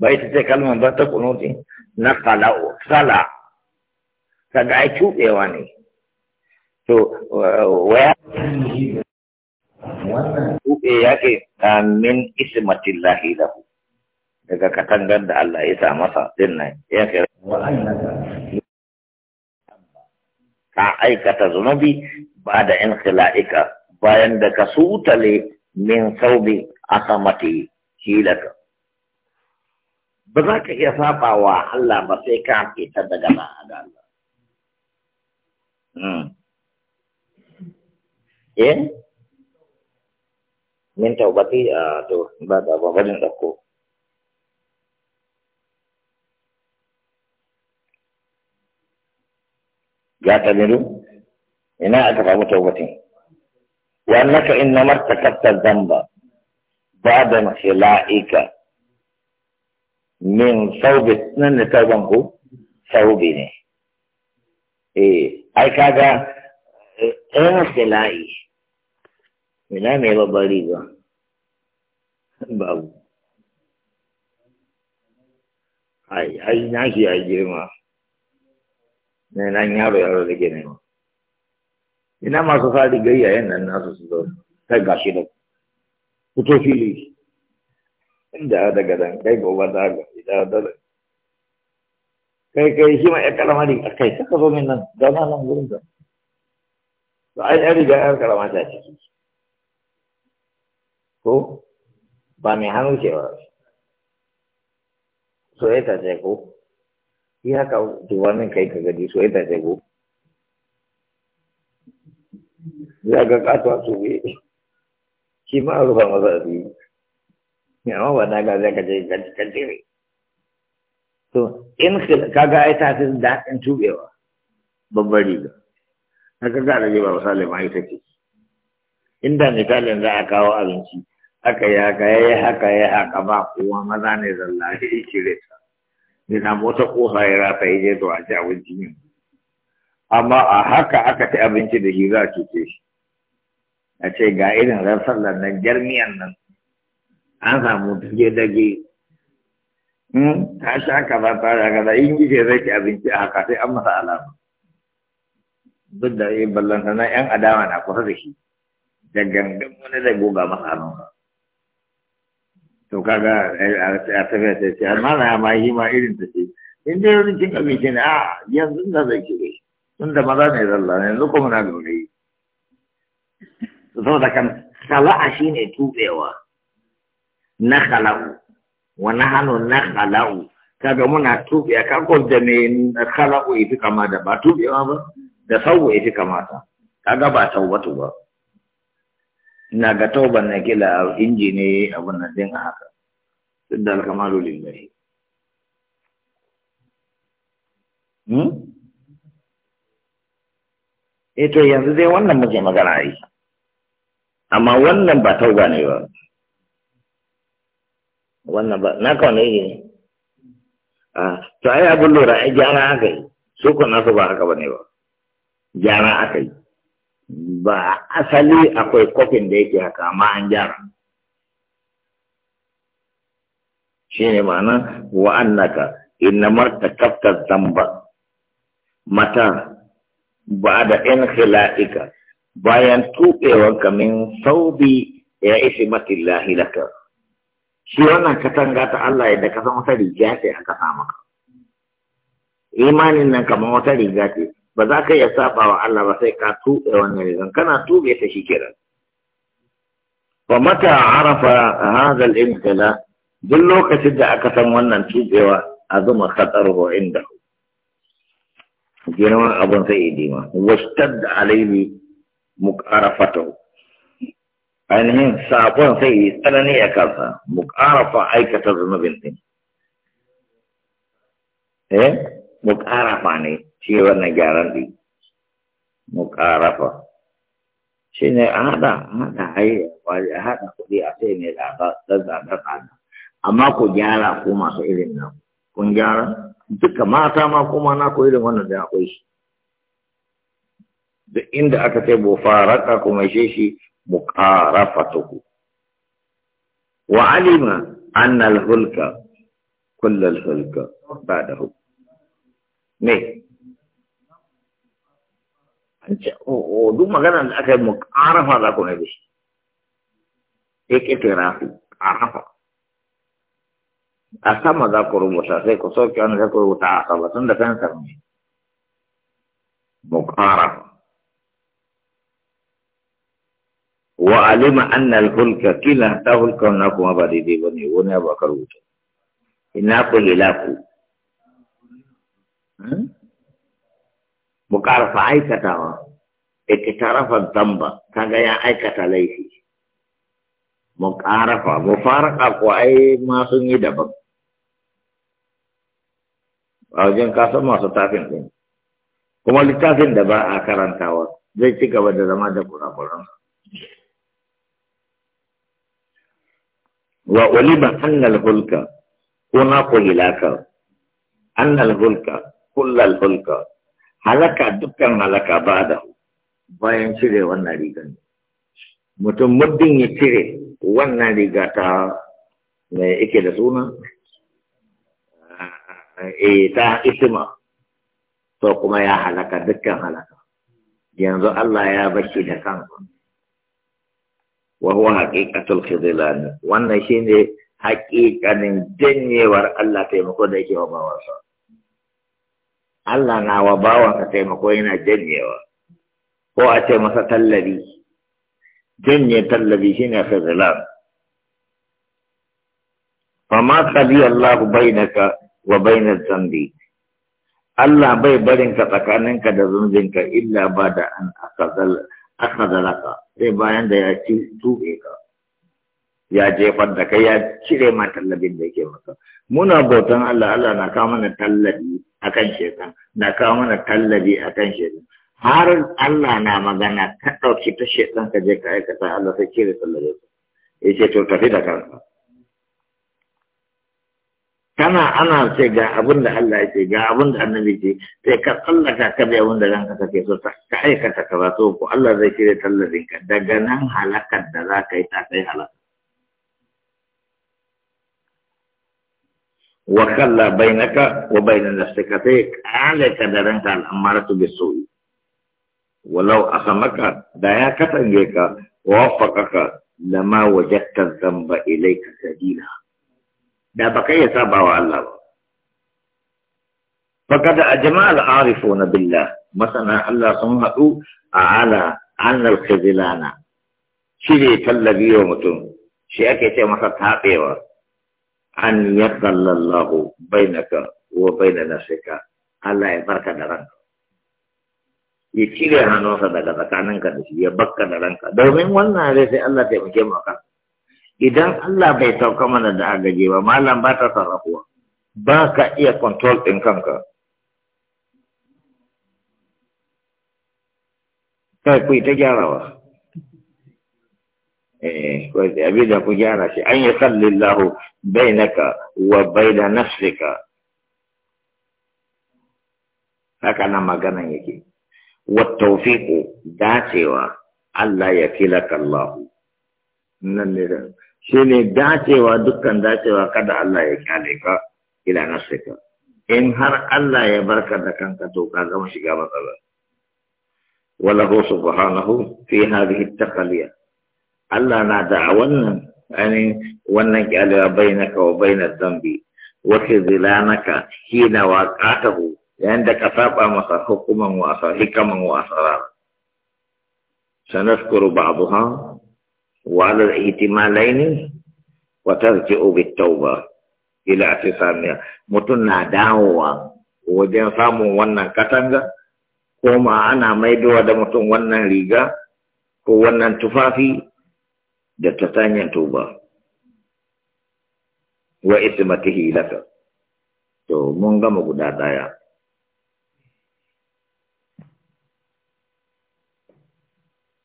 ba ita ce kalmar ba ta kunuti na kala'u sala ga ai cuɗewa ne to waya wannan cuɗe yake min ismatillahi lahu daga katangar da Allah ya sa masa din nan ya ke ka aikata zunubi ba da in khila'ika bayan da ka sutale min saubi asamati hilaka ba za ka iya saba wa Allah ba sai ka fita daga ba'a ga Allah. Hmm. Eh? Min taubati a to ba da ba wajen ɗauko. Ya tamiru? Ina aka samu taubatin. Wa annaka inna martakabta zamba ba da khila'ika min saube nan ne tauban ko saube ne eh ai kaga ɗan eh, sila'i eh, ina mai babban ba babu ai ai na shi ya girma na nan yaro yaro da ke ma ina masu sa rigayya yan nan nasu su zo kai gashi da fito fili inda da gadan kai gobe da ga ida da kai kai shi ma ya kalama din kai ta zo min nan da ma nan gurin da to ai ai ga ya kalama ta ciki ko ba mai hannu ce ba so ita ce ko shi haka duwannin kai ka gani ita ce ko ya ga katuwa su shi ma a rufa maza a biyu yawan wada ga zai gaje gaje ne to in kaga ai ta fi daɗin tubewa babbar riga na kaga da ba misali ma ita ce inda misalin za a kawo abinci aka yi haka ya yi haka ya haka ba kuwa maza ne zalla ya yi cire ta ne na mota kofa ya rata ya je to a ci abinci ne amma a haka aka ta abinci da shi za a cuce shi a ce ga irin rasar nan jarmiyan nan an samu dage-dage hmm? ta sha kaza ta sha kaza yin yi ke zai ki abinci a haka sai an masa alama duk da yin ballon sana yan adama na kusa da shi da gangan wani zai goga masa alama to kaga eh, a tafiya sai ce amma na ma yi ma irin ta ce in dai wani cin abinci ne a yanzu da zai ki gai tun da maza ne zalla ne yanzu kuma na gaurayi saboda kan sala'a shine tubewa na khala'u wa nahanu na khala'u kaga muna tubiya kakon da me ya fi kama da ba tubiya ba da sauwa kama kamata kaga ba taubatu ba na ga tauba na kila inji ne abun nan din haka da alkamalu lillahi hmm? eto eh, to yanzu zai wannan muke magana yi amma wannan ba tauba ne ba wannan ba na kawane yi ne a to ai abin lura ai gyara aka yi su na nasu ba haka ba ne ba gyara aka yi ba asali akwai kofin da yake haka amma an gyara shi ne ma'ana wa annaka inna marta kafta zamba mata ba da in khila'ika bayan tuɓewar kamin saubi ya isi matillahi laka shi wannan katanga ta Allah yadda ka san wata riga ce aka sa maka imanin nan kamar wata riga ce ba za ka iya saba wa Allah ba sai ka tuɓe wannan rigan kana tuɓe ta shi kiran fa mata arafa hadha al duk lokacin da aka san wannan tuɓewa azuma khataruhu indahu girman abun sai idima washtadda alayhi muqarafatuhu ainihin sabon sai yi tsanani a kansa mu ƙara fa aikata zunubin ɗin eh mu ƙara fa ne shi wannan gyaran ɗin mu ƙara fa shi ne a haɗa haɗa haye a haɗa kuɗi a sai ne da tsada da, amma ku gyara ko masu irin nan kun gyara duka mata ma kuma na ku irin wannan da akwai shi duk inda aka ce raka kuma shi shi مقارفته وعلم أن الهلك كل الهلك بعده نه دوما كان الأكل مقارفة لكم هيك اكتراف عرفة أسمى ذاكر المشاسيك وصوك أن ذاكر المتعاقبة سنة كان مقارفة wa alima anna al kila ta hulka na kuma ba daidai ba ne wani abu aka rubuta ina ku lilaku hmm? mukarfa aikatawa ikitarafa zamba kaga ya aikata laifi Mu mufaraka ko ai ma sun yi daban a wajen kasan masu tafin din kuma littafin da ba a karantawa zai ci gaba da zama da kurakuransa wa olima annal hulka ko na ko hilaka annal hulka kullal hulka halaka dukkan halaka ba bayan cire wannan rigan mutum muddin ya cire wannan riga ta mai ike da suna e ta isma to kuma ya halaka dukkan halaka yanzu Allah ya bashi da kansa wa huwa haqiqatul khidlan wannan shine haƙiƙanin janyewar Allah taimako da yake wa bawansa Allah na wa bawansa taimako yana janyewa ko a ce masa tallabi janye tallabi shine khidlan fama qadi Allah bainaka wa bainal zambi Allah bai barinka tsakaninka da zumbinka illa ba da an akazal aka zalaka sai bayan da ya ci tuɓe ka ya jefar da kai ya cire ma tallabin da yake maka muna bautan Allah Allah na kawo mana tallabi akan shekan na kawo mana tallabi akan shekan har Allah na magana ka ɗauki ta shekan ka je ka aikata Allah sai cire tallabin ya ce to tafi da kanka kana ana ce ga abin da Allah ya ce ga abin da annabi ce sai ka tsallaka ka bi abin da ranka take so ka aikata ka ba to ko Allah zai kire tallafin ka daga nan halakar da za ka yi ta kai halaka wa kalla bainaka wa bainan nafsika sai kale ka da ranka al'amaratu soyi. walau ka da ya katange ka wa wajen lama zamba ilai ka sabila da baka iya sa saba wa Allah ba. baka da ajama al’arifo na billa, masana Allah sun haɗu a ala annal na. shi ne tallabi wa mutum, shi ake ce masa taɓewa, an yi tallallahu bai na ka, wa bai na nasika, Allah ya farka da ranka. Ya cire hannunsa daga tsakaninka da shi, ya barka da ranka, domin wannan rai sai Allah taimake mu a idan Allah bai sauka mana da agaje ba malam ba ta sarrafuwa ba ka iya control ɗin kanka kai ku ta wa? eh da ku gyara shi an yi yasallallahu bainaka wa da nafsika haka nan magana yake wa taufiku dacewa Allah ya kila Allah nan ne shi ne dacewa dukkan dacewa kada Allah ya kyale ka ila in har Allah ya barka da kanka to ka zama shiga matsala walahu subhanahu fi hadhihi taqaliya Allah na da wannan Ani wannan kyalewa bainaka wa bainar zambi wa khizilanaka hina waqatahu yayin da ka saba masa hukuman wasa hikaman wa ba a ba'daha وعلى ubi tauba. Ila إلى mutun na dawa wajen samun wannan katanga ko ma ana maidowa da mutum wannan riga ko wannan tufafi da ta sanya tuba wa ismatihi laka to mun gama guda daya